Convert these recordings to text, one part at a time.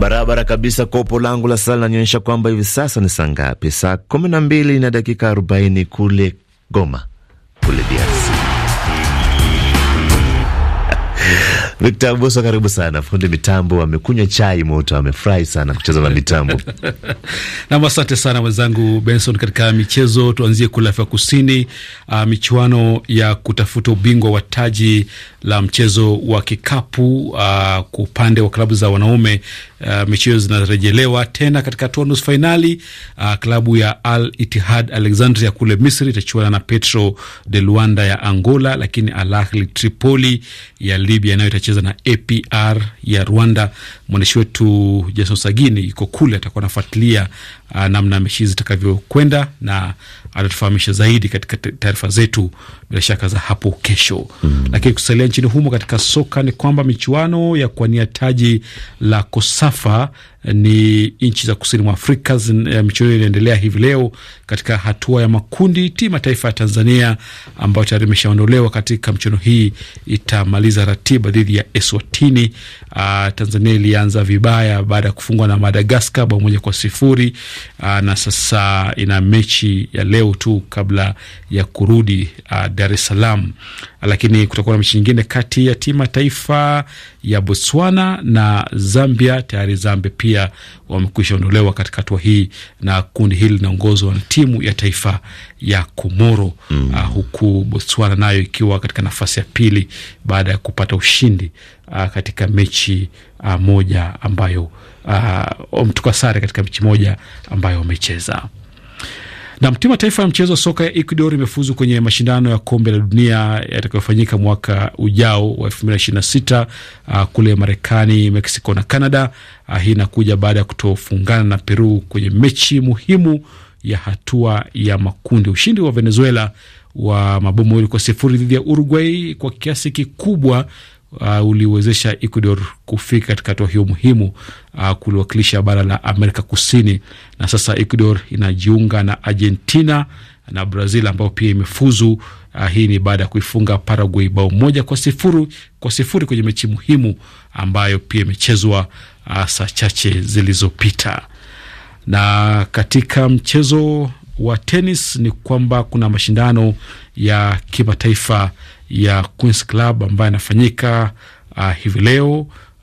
barabara kabisa. Kopo langu la saa linanionyesha kwamba hivi sasa ni saa ngapi? Saa kumi na mbili na dakika arobaini kule Goma, kule DRC. Victor Mbuso, karibu sana. Fundi mitambo amekunywa chai moto, amefurahi sana kucheza na mitambo nam. Asante sana mwenzangu Benson. Katika michezo, tuanzie kule Afrika Kusini. Uh, michuano ya kutafuta ubingwa wa taji la mchezo wa kikapu uh, kwa upande wa klabu za wanaume uh, ah, michezo zinarejelewa tena katika hatua nusu fainali. Uh, klabu ya Al Itihad Alexandria kule Misri itachuana na Petro de Luanda ya Angola, lakini Al Ahly Tripoli ya Libya nayo itacheza na APR ya Rwanda. Mwandishi wetu Jason Sagini yuko kule, atakuwa anafuatilia Uh, namna mechi zitakavyokwenda na atatufahamisha zaidi katika taarifa zetu bila shaka za hapo kesho. Mm. -hmm. Lakini kusalia nchini humo katika soka ni kwamba michuano ya kuwania taji la Kosafa eh, ni nchi za kusini mwa Afrika. Eh, michuano inaendelea hivi leo katika hatua ya makundi. Timu ya taifa ya Tanzania ambayo tayari imeshaondolewa katika michuano hii itamaliza ratiba dhidi ya Eswatini. Uh, Tanzania ilianza vibaya baada ya kufungwa na Madagaskar bao moja kwa sifuri uh, na sasa ina mechi ya leo tu kabla ya kurudi ah, Dar es Salaam, lakini kutakuwa na mechi nyingine kati ya timu ya taifa ya Botswana na Zambia. Tayari Zambia pia wamekwisha ondolewa katika hatua hii, na kundi hili linaongozwa na timu ya taifa ya Komoro mm. uh, huku Botswana nayo ikiwa katika nafasi ya pili baada ya kupata ushindi uh, katika mechi uh, moja ambayo uh, ah, mtuka sare katika mechi moja ambayo wamecheza na timu ya taifa ya mchezo wa soka ya Ecuador imefuzu kwenye mashindano ya kombe la dunia yatakayofanyika mwaka ujao wa sita uh, kule Marekani, Mexico na Canada. Uh, hii inakuja baada ya kutofungana na Peru kwenye mechi muhimu ya hatua ya makundi. Ushindi wa Venezuela wa mabomu mawili kwa sifuri dhidi ya Uruguay kwa kiasi kikubwa uh, uliwezesha Ecuador kufika katika hatua hiyo muhimu uh, kuliwakilisha bara la Amerika Kusini, na sasa Ecuador inajiunga na Argentina na Brazil ambayo pia imefuzu. Uh, hii ni baada ya kuifunga Paraguay bao moja kwa sifuri, kwa sifuri kwenye mechi muhimu ambayo pia imechezwa uh, saa chache zilizopita. Na katika mchezo wa tenis ni kwamba kuna mashindano ya kimataifa ya Queens Club ambayo inafanyika uh, hivi leo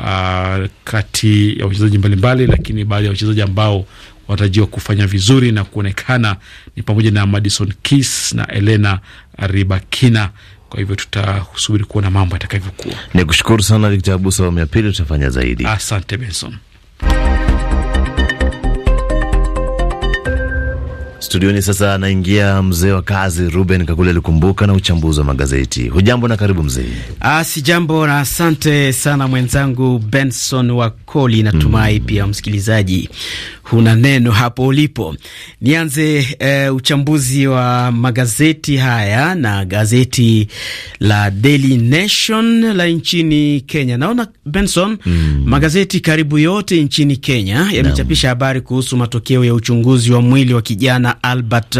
uh, kati ya wachezaji mbalimbali, lakini baadhi ya wachezaji ambao wanatarajiwa kufanya vizuri na kuonekana ni pamoja na Madison Keys na Elena Rybakina. Kwa hivyo tutasubiri kuona mambo yatakavyokuwa. Ni kushukuru sana Victor Abuso. Awamu ya pili tutafanya zaidi. Asante Benson. Studioni sasa anaingia mzee wa kazi Ruben Kakule alikumbuka na uchambuzi wa magazeti. Hujambo na karibu mzee. Ah, si jambo na asante sana mwenzangu Benson Wakoli, natumai mm. pia msikilizaji huna neno hapo ulipo. Nianze eh, uchambuzi wa magazeti haya na gazeti la Daily Nation la nchini Kenya. Naona Benson, mm. magazeti karibu yote nchini Kenya yamechapisha habari kuhusu matokeo ya uchunguzi wa mwili wa kijana Albert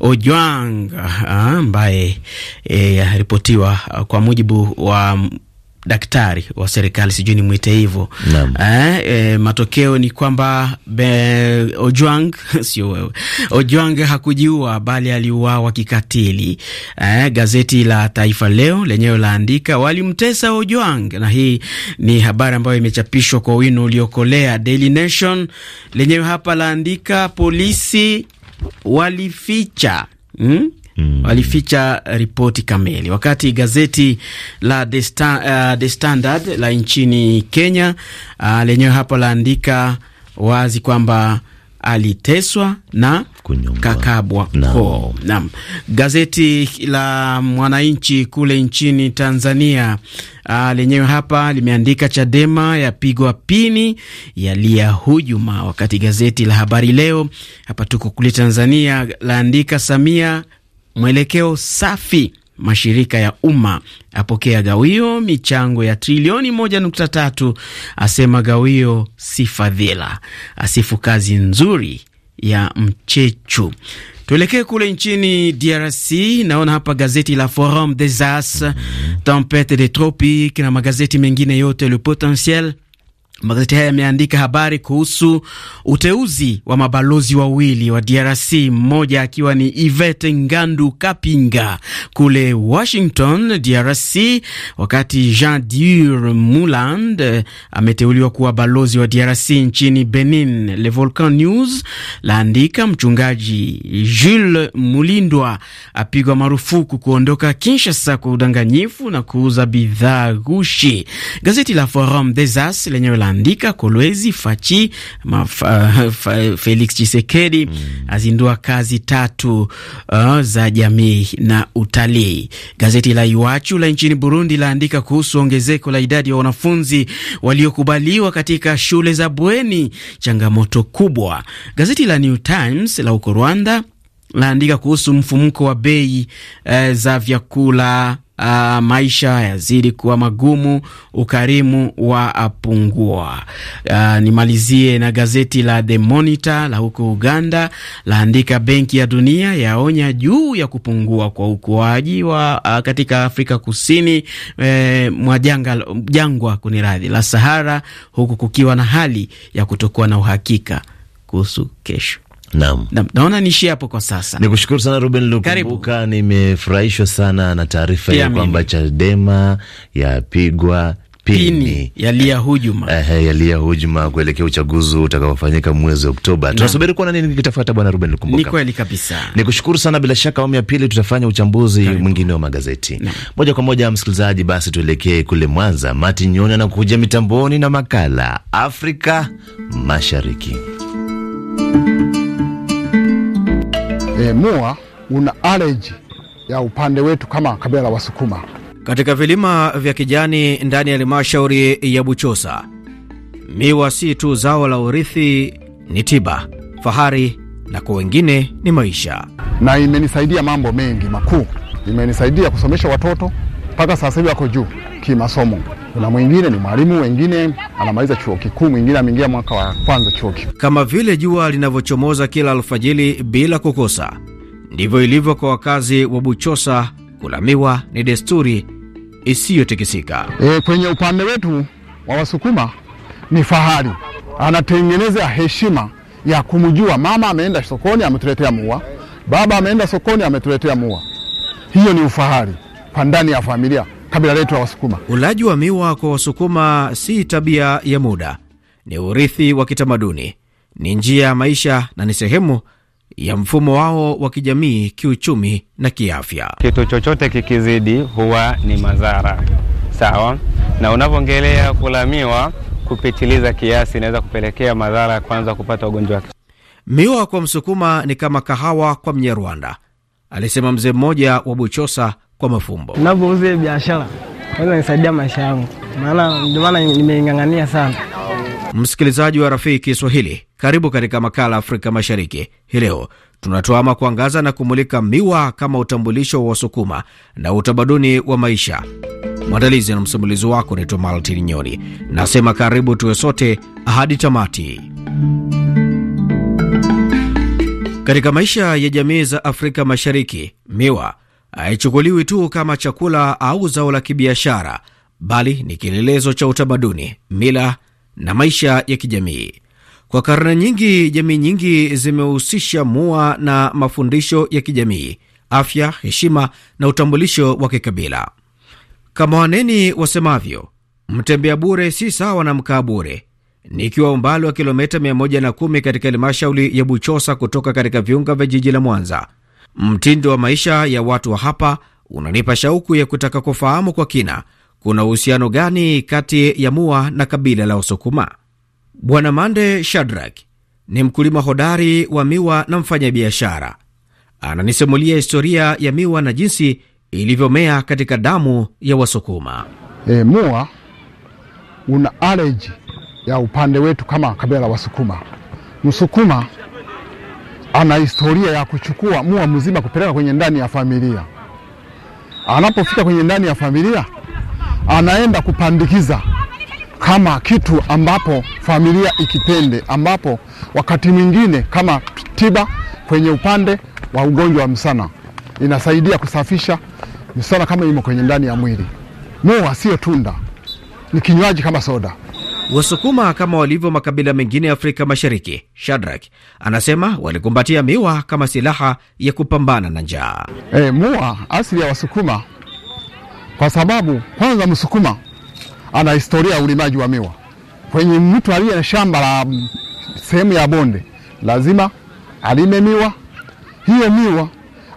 Ojwang ah, ambaye eh, yaripotiwa ah, kwa mujibu wa daktari wa serikali, sijui nimwite hivyo eh, eh, matokeo ni kwamba be, Ojwang sio wewe, Ojwang hakujiua bali aliuawa kikatili. Eh, gazeti la Taifa Leo lenyewe laandika walimtesa Ojwang, na hii ni habari ambayo imechapishwa kwa wino uliokolea. Daily Nation lenyewe hapa laandika polisi walificha hmm? mm. Walificha ripoti kamili, wakati gazeti la The, Star, uh, The Standard la nchini Kenya uh, lenyewe hapo laandika wazi kwamba aliteswa na Kunyumba. kakabwa koo. Naam, gazeti la Mwananchi kule nchini Tanzania a, uh, lenyewe hapa limeandika Chadema yapigwa pini yalia hujuma, wakati gazeti la Habari Leo hapa tuko kule Tanzania laandika Samia mwelekeo safi. Mashirika ya umma apokea gawio michango ya trilioni moja tatu asema gawio si fadhila, asifu kazi nzuri ya Mchechu. Tuelekee kule nchini DRC. Naona hapa gazeti la Forum des As, Tempete des Tropiques na magazeti mengine yote Le Potentiel Magazeti haya yameandika habari kuhusu uteuzi wa mabalozi wawili wa DRC, mmoja akiwa ni Ivete Ngandu Kapinga kule Washington, DRC, wakati Jean Dur Muland eh, ameteuliwa kuwa balozi wa DRC nchini Benin. Le Volcan News laandika mchungaji Jules Mulindwa apigwa marufuku kuondoka Kinshasa kwa udanganyifu na kuuza bidhaa gushi. Gazeti la Forum des As lenyewe Bandika Kolwezi Fachi ma, fa, Felix Chisekedi mm. azindua kazi tatu uh, za jamii na utalii. Gazeti la Iwachu la nchini Burundi laandika kuhusu ongezeko la idadi ya wanafunzi waliokubaliwa katika shule za bweni, changamoto kubwa. Gazeti la New Times la uko Rwanda laandika kuhusu mfumuko wa bei eh, za vyakula uh, maisha yazidi kuwa magumu, ukarimu wa apungua Uh, nimalizie na gazeti la The Monitor la huko Uganda laandika Benki ya Dunia yaonya juu ya kupungua kwa ukuaji wa uh, katika Afrika Kusini eh, mwa jangwa kuni radhi la Sahara, huku kukiwa na hali ya kutokuwa na uhakika kuhusu kesho. Naam. Naam. Naona niishie hapo kwa sasa. Nikushukuru sana Ruben Lukumbuka, nimefurahishwa sana na taarifa ya kwamba Chadema yapigwa pini yalia hujuma, eh, yalia hujuma kuelekea uchaguzi utakaofanyika mwezi Oktoba. Tunasubiri kuona nini kitafuata, bwana Ruben Lukumbuka. Ni kweli kabisa, nikushukuru sana. Bila shaka awamu ya pili tutafanya uchambuzi mwingine wa magazeti na. Moja kwa moja msikilizaji, basi tuelekee kule Mwanza. Mati Nyoni anakuja mitamboni na makala Afrika Mashariki e, mua una aleji ya upande wetu kama kabila Wasukuma katika vilima vya kijani ndani ya halmashauri ya Buchosa. Miwa si tu zao la urithi, ni tiba, fahari na kwa wengine ni maisha, na imenisaidia mambo mengi makuu. Imenisaidia kusomesha watoto mpaka sasa hivi wako juu kimasomo. Kuna mwingine ni mwalimu, wengine anamaliza chuo kikuu, mwingine ameingia mwaka wa kwanza chuo kikuu. Kama vile jua linavyochomoza kila alfajili bila kukosa, ndivyo ilivyo kwa wakazi wa Buchosa. Kulamiwa ni desturi isiyotikisika. E, kwenye upande wetu wa Wasukuma ni fahari, anatengeneza heshima ya kumjua mama ameenda sokoni ametuletea mua, baba ameenda sokoni ametuletea mua. Hiyo ni ufahari kwa ndani ya familia kabila letu la Wasukuma. Ulaji wa miwa kwa Wasukuma si tabia ya muda, ni urithi wa kitamaduni, ni njia ya maisha na ni sehemu ya mfumo wao wa kijamii, kiuchumi na kiafya. Kitu chochote kikizidi huwa ni madhara, sawa na unavyoongelea kula miwa kupitiliza kiasi inaweza kupelekea madhara ya kwanza kupata ugonjwa Miwa kwa Msukuma ni kama kahawa kwa Mnyarwanda, alisema mzee mmoja wa Buchosa kwa mafumbo. Ninapouza biashara biashara inanisaidia maisha yangu, maana ndio maana nimeing'ang'ania sana. Msikilizaji wa Rafiki Kiswahili, karibu katika makala Afrika Mashariki. Hii leo tunatuama kuangaza na kumulika miwa kama utambulisho wa Wasukuma na utamaduni wa maisha. Mwandalizi na msimulizi wako naitwa Maltin Nyoni, nasema karibu tuwe sote hadi tamati. Katika maisha ya jamii za Afrika Mashariki, miwa haichukuliwi tu kama chakula au zao la kibiashara, bali ni kielelezo cha utamaduni, mila na maisha ya kijamii. Kwa karne nyingi, jamii nyingi zimehusisha mua na mafundisho ya kijamii, afya, heshima na utambulisho wa kikabila. Kama waneni wasemavyo, mtembea bure si sawa na mkaa bure. Nikiwa umbali wa kilometa 110 katika halmashauri ya Buchosa kutoka katika viunga vya jiji la Mwanza, Mtindo wa maisha ya watu wa hapa unanipa shauku ya kutaka kufahamu kwa kina kuna uhusiano gani kati ya Mua na kabila la Wasukuma. Bwana Mande shadrak ni mkulima hodari wa miwa na mfanyabiashara. Ananisimulia historia ya miwa na jinsi ilivyomea katika damu ya Wasukuma. E, Mua una aleji ya upande wetu kama kabila la Wasukuma. Msukuma ana historia ya kuchukua mua mzima kupeleka kwenye ndani ya familia. Anapofika kwenye ndani ya familia, anaenda kupandikiza kama kitu ambapo familia ikipende, ambapo wakati mwingine kama tiba kwenye upande wa ugonjwa wa msana, inasaidia kusafisha msana kama imo kwenye ndani ya mwili. Mua sio tunda, ni kinywaji kama soda. Wasukuma kama walivyo makabila mengine ya Afrika Mashariki, shadrak anasema walikumbatia miwa kama silaha ya kupambana na njaa. E, eh, mua asili ya Wasukuma kwa sababu kwanza Msukuma ana historia ya ulimaji wa miwa. Kwenye mtu aliye na shamba la sehemu ya bonde lazima alime miwa, hiyo miwa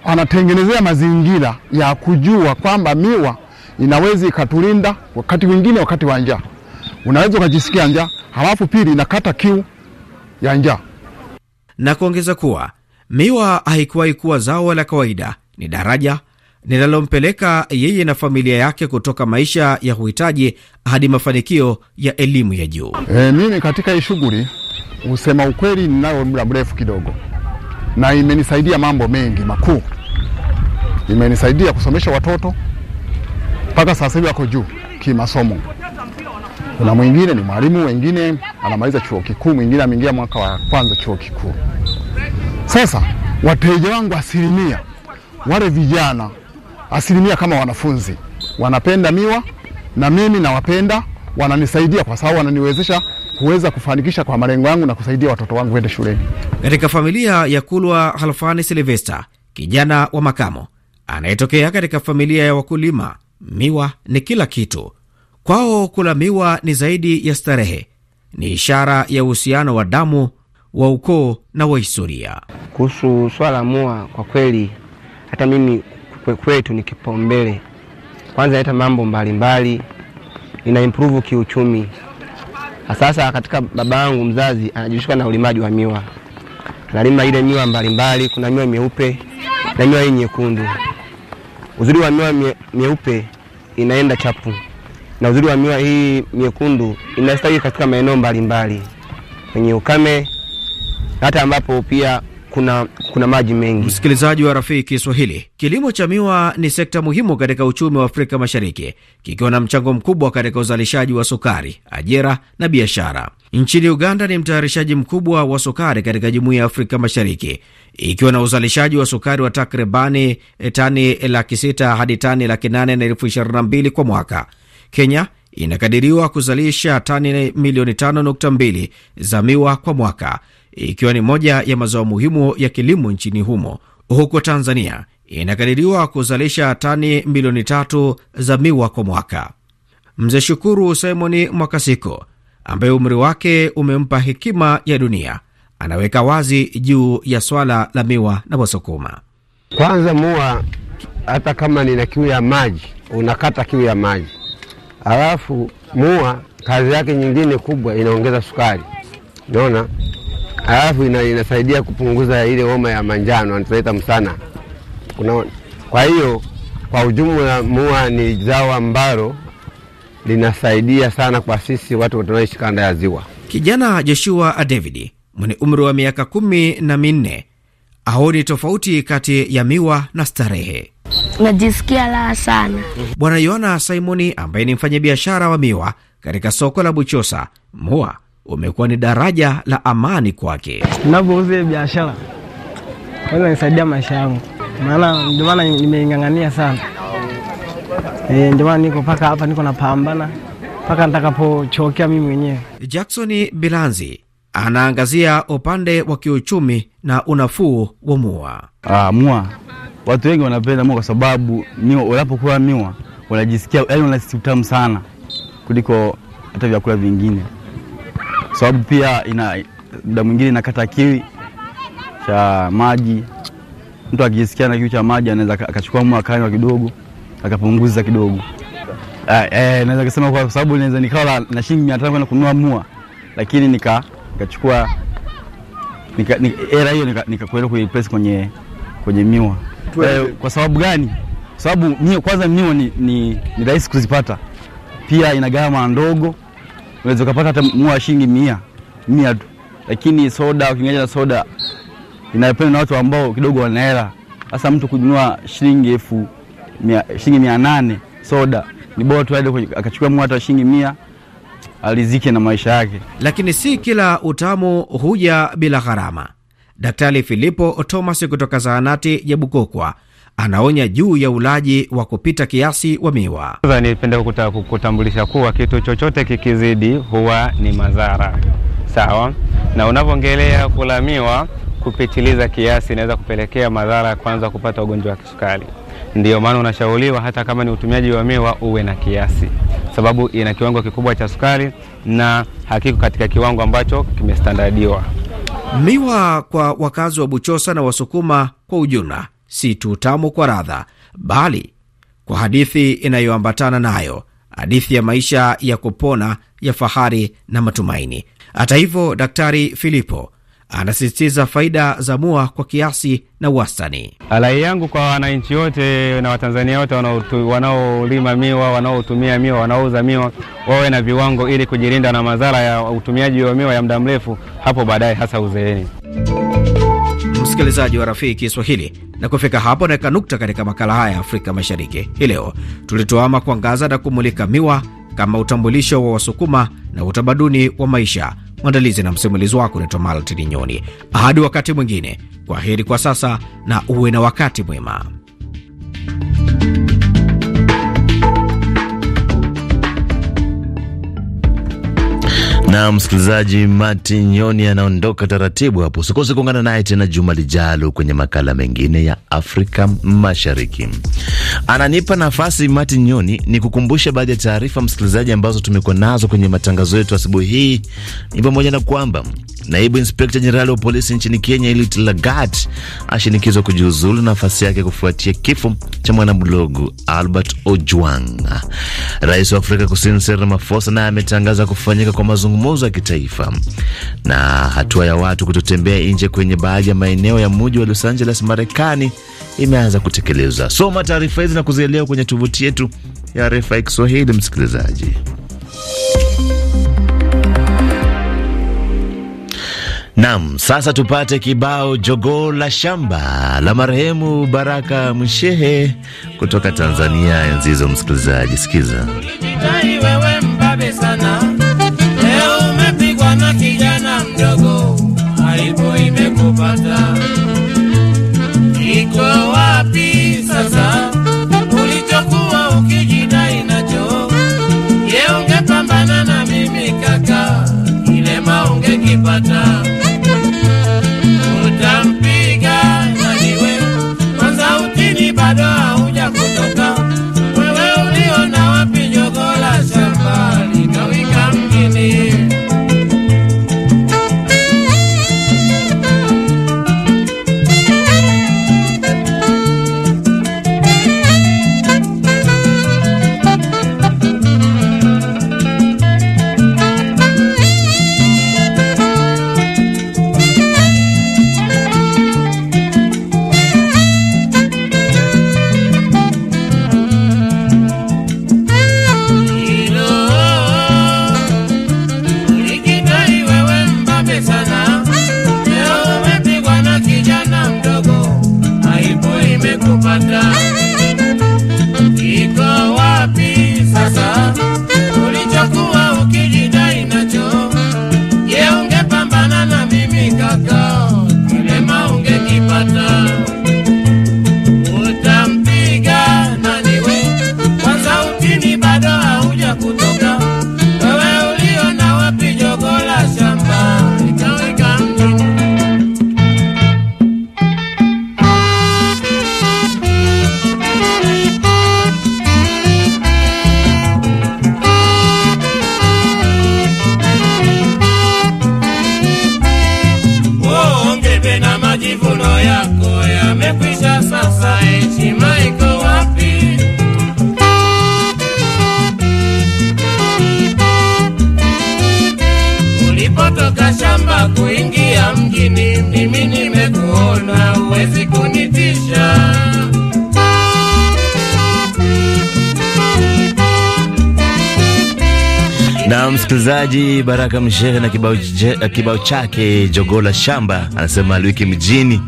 anatengenezea mazingira ya kujua kwamba miwa inaweza ikatulinda wakati mwingine, wakati wa njaa unaweza ukajisikia njaa, halafu pili inakata kiu ya njaa. Na kuongeza kuwa miwa haikuwahi kuwa zao la kawaida, ni daraja linalompeleka yeye na familia yake kutoka maisha ya uhitaji hadi mafanikio ya elimu ya juu. E, mimi katika hii shughuli husema ukweli, ninayo muda mrefu kidogo, na imenisaidia mambo mengi makuu. Imenisaidia kusomesha watoto mpaka sasa hivi wako juu kimasomo. Kuna mwingine ni mwalimu, wengine anamaliza chuo kikuu, mwingine ameingia mwaka wa kwanza chuo kikuu. Sasa wateja wangu asilimia wale vijana asilimia kama wanafunzi wanapenda miwa na mimi nawapenda, wananisaidia kwa sababu wananiwezesha kuweza kufanikisha kwa malengo yangu na kusaidia watoto wangu wende shuleni. Katika familia ya Kulwa Halfani Silvesta, kijana wa makamo anayetokea katika familia ya wakulima, miwa ni kila kitu. Kwao kula miwa ni zaidi ya starehe, ni ishara ya uhusiano wa damu wa ukoo na wa historia. Kuhusu swala la mua, kwa kweli hata mimi kwetu ni kipaumbele kwanza, leta mambo mbalimbali, ina improve kiuchumi. Sasa katika baba yangu mzazi anajihusika na ulimaji wa miwa, analima ile miwa mbalimbali, kuna miwa mieupe na miwa hii nyekundu. Uzuri wa miwa mie, mieupe inaenda chapu na uzuri wa miwa hii miekundu inastawi katika maeneo mbalimbali kwenye ukame hata ambapo pia kuna, kuna maji mengi. Msikilizaji wa rafiki Kiswahili, kilimo cha miwa ni sekta muhimu katika uchumi wa Afrika Mashariki, kikiwa na mchango mkubwa katika uzalishaji wa sukari, ajira na biashara. Nchini Uganda ni mtayarishaji mkubwa wa sukari katika jumuiya ya Afrika Mashariki, ikiwa na uzalishaji wa sukari wa takribani eh, tani laki sita hadi tani laki nane na elfu ishirini na mbili kwa mwaka. Kenya inakadiriwa kuzalisha tani milioni 5.2 za miwa kwa mwaka ikiwa ni moja ya mazao muhimu ya kilimo nchini humo, huku Tanzania inakadiriwa kuzalisha tani milioni tatu za miwa kwa mwaka. Mzee Shukuru Simoni Mwakasiko, ambaye umri wake umempa hekima ya dunia, anaweka wazi juu ya swala la miwa na Wasukuma. Kwanza, mua hata kama nina kiu ya maji, unakata kiu ya maji Alafu mua kazi yake nyingine kubwa inaongeza sukari, unaona, alafu ina, inasaidia kupunguza ile homa ya manjano anaita msana, unaona. Kwa hiyo kwa ujumla mua ni zao ambalo linasaidia sana kwa sisi watu tunaoishi kanda ya Ziwa. Kijana Joshua David mwenye umri wa miaka kumi na minne aoni tofauti kati ya miwa na starehe najisikia raha sana. Bwana yoana Simoni ambaye ni mfanyabiashara wa miwa katika soko la Buchosa, mua umekuwa ni daraja la amani kwake. Ninapouza biashara kwanza maisha yangu, maana ndio maana nimeing'ang'ania sana e, ndio maana niko mpaka hapa, niko napambana mpaka nitakapochokea mimi mwenyewe. Jackson Bilanzi anaangazia upande wa kiuchumi na unafuu wa mua. Ah, mua Watu wengi wanapenda miwa kwa sababu miwa, unapokula miwa unajisikia yani, unahisi utamu sana kuliko hata vyakula vingine, sababu pia ina muda mwingine inakata kiwi cha maji. Mtu akijisikia na kiwi cha maji anaweza akachukua miwa akanywa kidogo akapunguza kidogo. Ah, eh, naweza kusema kwa sababu naweza nikawa na shilingi 500 kwenda kununua mua, lakini nika nikachukua nika, nika, era hiyo nikakwenda nika kuiplace kwenye kwenye miwa eh, kwa sababu gani? Kwa sababu mio, kwanza mio ni, ni, ni rahisi kuzipata, pia ina gharama ndogo, unaweza ukapata hata mua shilingi mia mia tu, lakini soda ukiingalia na soda inapendwa na watu ambao kidogo wana hela. Sasa mtu kununua shilingi elfu shilingi mia nane soda ni bora tu aende akachukua mua hata shilingi mia alizike na maisha yake. Lakini si kila utamu huja bila gharama. Daktari Filipo Thomas kutoka zahanati ya Bukokwa anaonya juu ya ulaji wa kupita kiasi wa miwa. nipende kutambulisha kuwa kitu chochote kikizidi huwa ni madhara, sawa na unavyoongelea kula miwa kupitiliza kiasi inaweza kupelekea madhara ya kwanza kupata ugonjwa wa kisukari. Ndiyo maana unashauriwa hata kama ni utumiaji wa miwa uwe na kiasi, sababu ina kiwango kikubwa cha sukari na hakiko katika kiwango ambacho kimestandadiwa. Miwa kwa wakazi wa Buchosa na Wasukuma kwa ujumla si tu tamu kwa radha, bali kwa hadithi inayoambatana nayo, hadithi ya maisha ya kupona, ya fahari na matumaini. Hata hivyo, Daktari Filipo anasisitiza faida za mua kwa kiasi na wastani. Rai yangu kwa wananchi wote na Watanzania wote wanaolima miwa, wanaotumia miwa, wanaouza miwa wawe na viwango ili kujilinda na madhara ya utumiaji wa miwa ya muda mrefu hapo baadaye, hasa uzeeni. Msikilizaji wa Rafiki Kiswahili, na kufika hapo naweka nukta katika makala haya ya Afrika Mashariki hii leo. Tulituama kuangaza na kumulika miwa kama utambulisho wa Wasukuma na utamaduni wa maisha Mwandalizi na msimulizi wako unaitwa Maltini Nyoni. Hadi wakati mwingine, kwa heri kwa sasa na uwe na wakati mwema. na msikilizaji, Martin Nyoni anaondoka taratibu hapo. Usikose kuungana naye tena juma lijalo kwenye makala mengine ya Afrika Mashariki. Ananipa nafasi Martin Nyoni ni kukumbusha baadhi ya taarifa, msikilizaji, ambazo tumekuwa nazo kwenye matangazo yetu asubuhi hii, ni pamoja na kwamba naibu inspekta jenerali wa polisi nchini Kenya Eliud Lagat ashinikizwa kujiuzulu nafasi yake kufuatia kifo cha mwanablogu Albert Ojwang. Rais wa Afrika Kusini Cyril Ramaphosa naye ametangaza kufanyika kwa mazungumzo umoja wa kitaifa. Na hatua ya watu kutotembea nje kwenye baadhi ya maeneo ya mji wa Los Angeles, Marekani imeanza kutekelezwa. Soma taarifa hizi na kuzielewa kwenye tovuti yetu ya RFI Kiswahili, msikilizaji. Nam, sasa tupate kibao jogoo la shamba la marehemu Baraka Mshehe kutoka Tanzania, enzi hizo. Msikilizaji, sikiza. Wewe mbabe sana aibu imekupata. Iko wapi sasa ulichokuwa ukijidai nacho? Ye ungepambana na mimi kaka, kilema ungekipata. na msikilizaji Baraka Mshehe na kibao chake Jogola Shamba anasema aliwiki mjini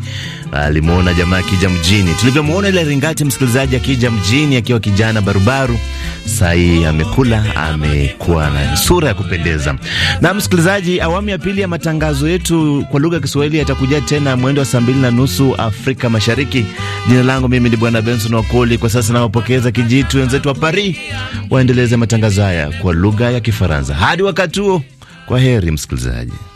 alimwona jamaa akija mjini tulivyomwona ile Ringati msikilizaji akija mjini akiwa kijana barubaru saa hii amekula, amekuwa na sura ya kupendeza. Na msikilizaji, awamu ya pili ya matangazo yetu kwa lugha ya Kiswahili yatakuja tena mwendo wa saa mbili na nusu Afrika Mashariki. Jina langu mimi ni Bwana Benson Wakoli. Kwa sasa nawapokeza kijitu wenzetu wa Paris waendeleze matangazo haya kwa lugha ya Kifaransa. Hadi wakati huo, kwa heri msikilizaji.